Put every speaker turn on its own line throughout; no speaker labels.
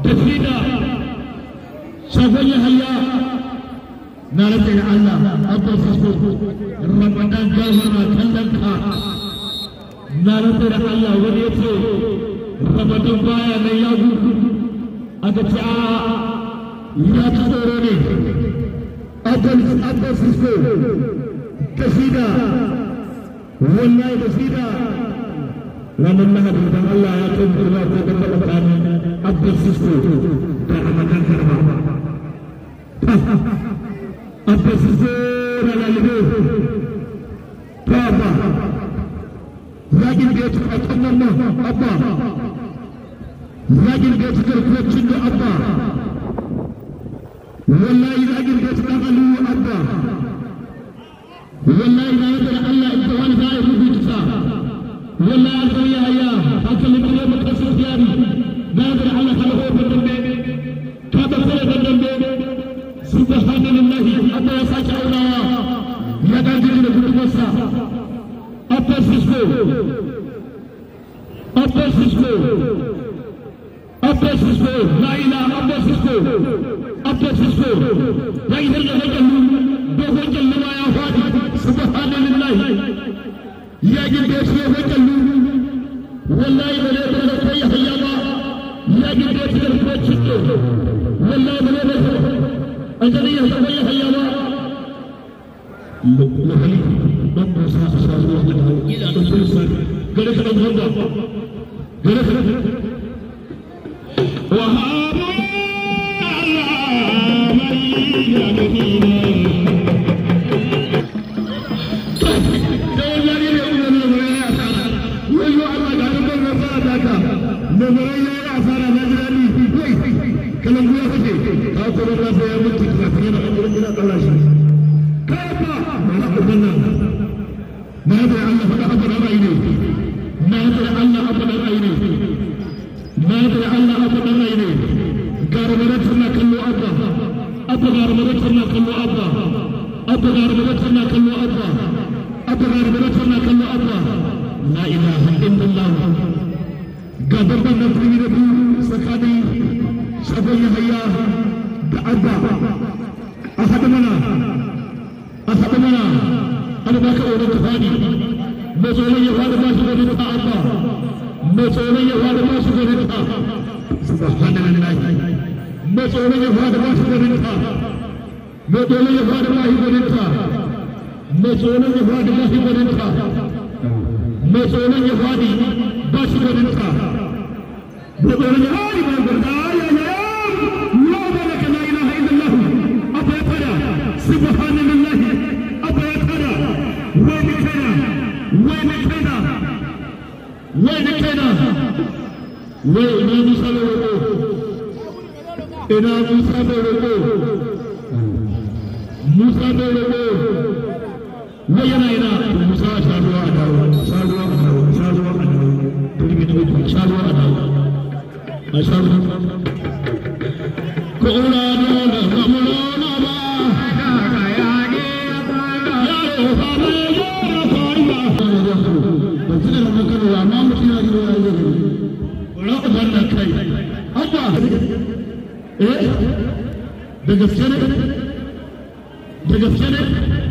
Defida, Shavali Hayya,
نارتے اللہ اپر فسکو رمضان گوھرہ کھندر تھا نارتے اللہ ولیت سے رمضان بایا نیا گوھر اگر چاہا یا چھوڑنے
اپر فسکو
کسیدہ ولیہ کسیدہ Namun nak berikan Allah yang sempurna kepada Tuhan Abdul Sisku Tak akan akan kerana Tak البروفيسور الالبو
بابا زاجي البيت فاتنا الله ابا زاجي البيت كركوت شنو ابا والله زاجي البيت قالوا ابا والله لا يدري الله انت وانا زايد بيتسا والله يا اخويا يا
حتى اللي بيقولوا متكسر ثيابي ما يدري الله خلقوه بالدنيا یہ رہا
یا اپنے چل
doctor सा सिधो गॾु
na da Allah fada abun rai ne na da Allah abun rai ne na da Allah abun rai ne garmarar tana kallo abba abba garmarar tana kallo abba abba garmarar tana kallo abba
abba garmarar tana kallo abba la ilaha illallah gabar da nafi da bu tsakanin sabon yahaya da abba a hadamana Mesone'ye varmaz verildi Allah. Mesone'ye varmaz verildi.
Subhanallah. Mesone'ye varmaz verildi. Mesone'ye varmaz verildi. Mesone'ye varmaz verildi.
Mesone'ye varmaz verildi.
Mesone'ye varmaz verildi. मूसा तोड़ो
न Hoppa!
de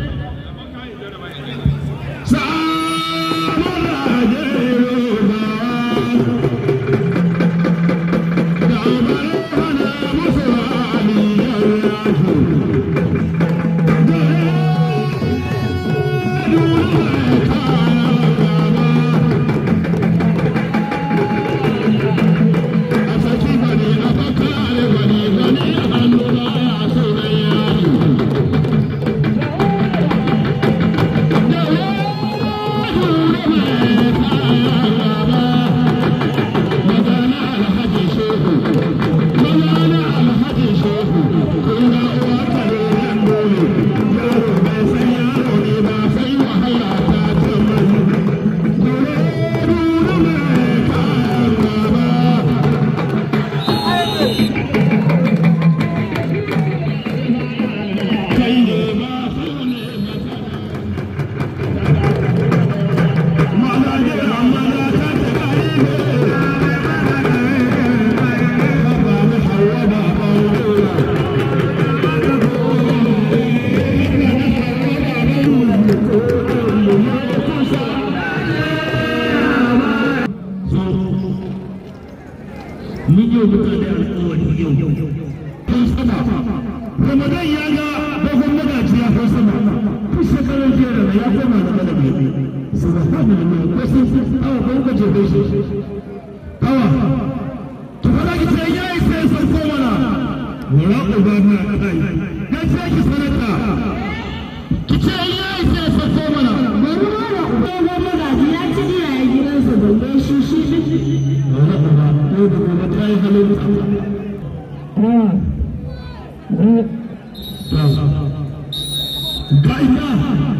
sabahani ne ko sun sun awa ko ka jefe shi awa
to fara ki sai yayi sai sun ko mana wala
uba na kai dan sai ki sanata ki ce yayi sai sun ko mana bari ma da uba ga magaji ya ci jiya ya gidansa balle shi shi wala uba ko da uba ta yi halin ta Gaita!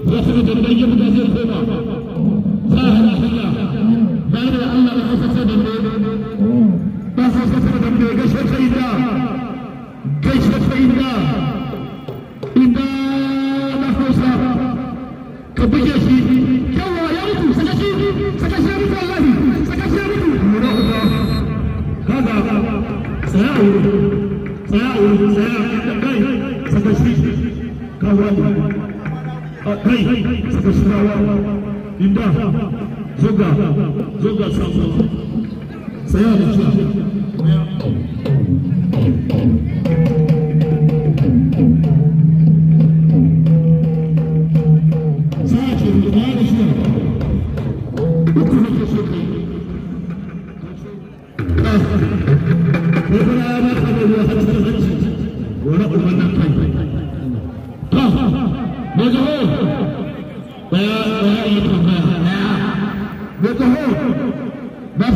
asibiti da yin da zai koma za a hana da Allah na hasasa da ne ba su da ne gashe ta inda gashe ta inda inda na a wuri tsaya a a kai suka shirawa inda zoga zoga samu
saya da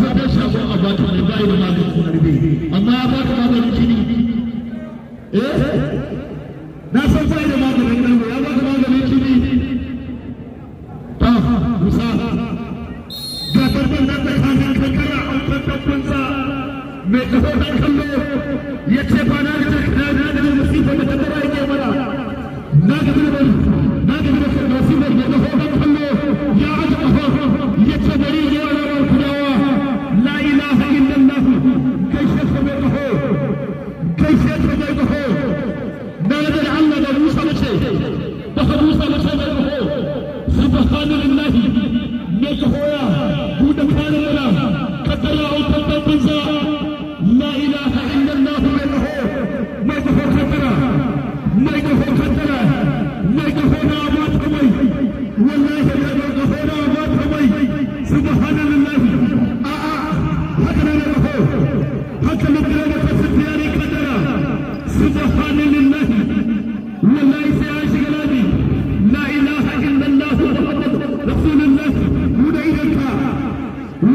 san ko shago
a ba ta ba da maganin harbe amma ya ba ta maganin eh
na san sai da maganin nan ya ba maganin jini
ta musa ga tarbar da ta kankara an tantan kunsa mai kafa da kallo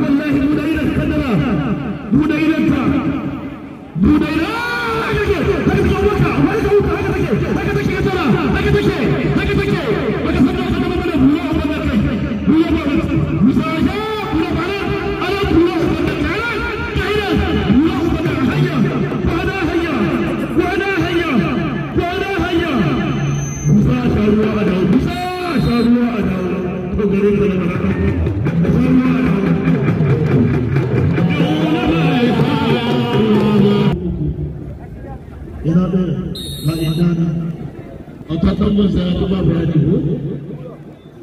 abdullahi buɗe idan kadara buɗe idan ta buɗe idan
abubuwan sa bayani ko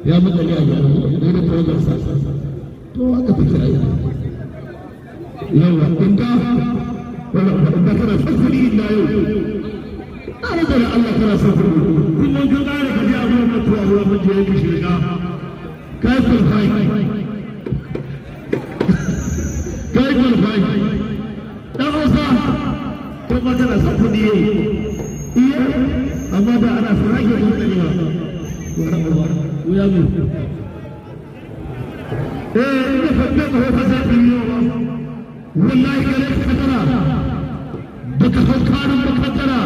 ya ne a gaba ne da sa to yawa kana yau ana da Allah kana ka ka ji abubuwan ruwa mun je shirka
ويمين ايه محبته فساد اليوم
والله قالت خطرة بك خطار بك خطرة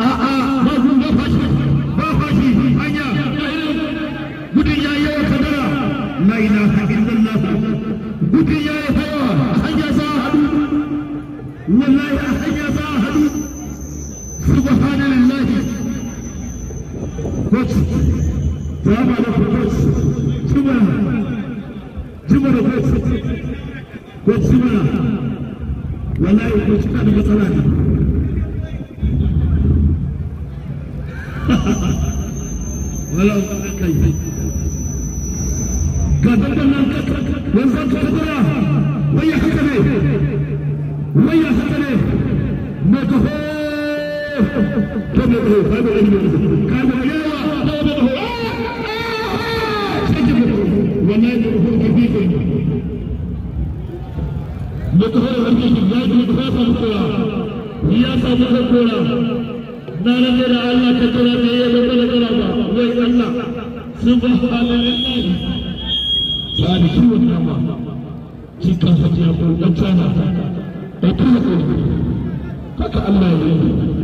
آآ آآ فازم بفاش بفاشي هيا بدي يا خطرة
لا إله إلا الله بدي يا يا هيا زاهد والله هيا زاهد سبحان الله Let's Jumbo the Fokus, Jumbo, Jumbo the Fokus, Fokus Jumbo, Walai Fokus kan masalah. Walau tak kaya, kadang kadang wazat kadang, wajah kadang, wajah kadang, matuh. Haka Allah ya yi.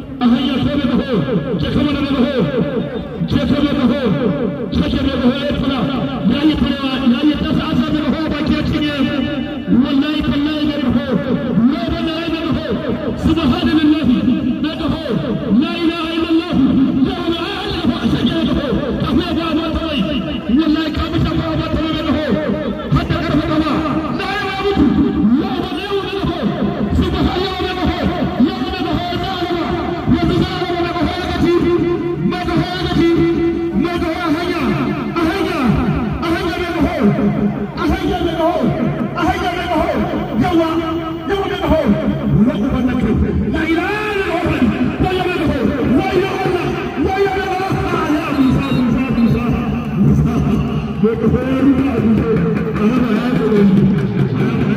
Thank you.